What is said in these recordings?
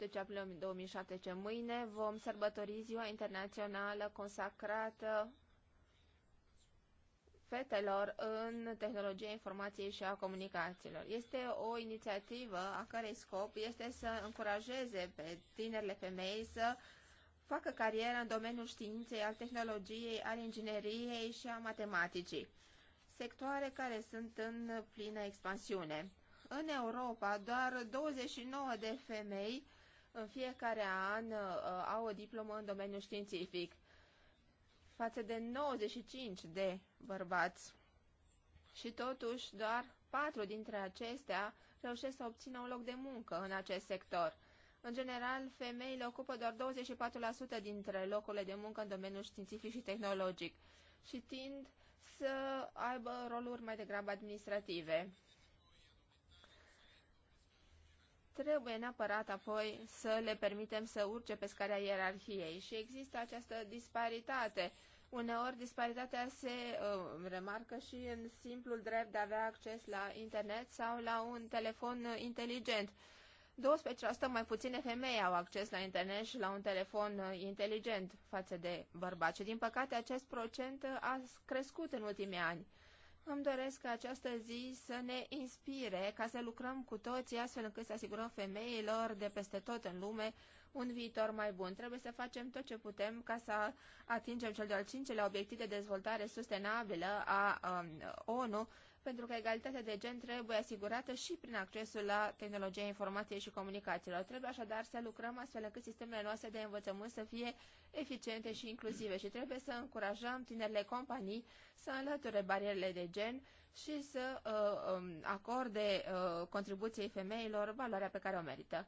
17 aprilie 2017, mâine, vom sărbători Ziua Internațională consacrată fetelor în tehnologia informației și a comunicațiilor. Este o inițiativă a cărei scop este să încurajeze pe tinerile femei să facă carieră în domeniul științei, al tehnologiei, al ingineriei și a matematicii, sectoare care sunt în plină expansiune. În Europa, doar 29 de femei în fiecare an uh, au o diplomă în domeniul științific, față de 95 de bărbați. Și totuși, doar patru dintre acestea reușesc să obțină un loc de muncă în acest sector. În general, femeile ocupă doar 24% dintre locurile de muncă în domeniul științific și tehnologic și tind să aibă roluri mai degrabă administrative trebuie neapărat apoi să le permitem să urce pe scara ierarhiei și există această disparitate. Uneori disparitatea se uh, remarcă și în simplul drept de a avea acces la internet sau la un telefon inteligent. 12% mai puține femei au acces la internet și la un telefon uh, inteligent față de bărbați. Din păcate, acest procent uh, a crescut în ultimii ani. Îmi doresc ca această zi să ne inspire ca să lucrăm cu toții astfel încât să asigurăm femeilor de peste tot în lume un viitor mai bun. Trebuie să facem tot ce putem ca să atingem cel de-al cincilea obiectiv de dezvoltare sustenabilă a um, ONU pentru că egalitatea de gen trebuie asigurată și prin accesul la tehnologia informației și comunicațiilor. Trebuie așadar să lucrăm astfel încât sistemele noastre de învățământ să fie eficiente și inclusive și trebuie să încurajăm tinerile companii să înlăture barierele de gen și să uh, um, acorde uh, contribuției femeilor valoarea pe care o merită.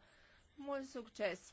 Mult succes!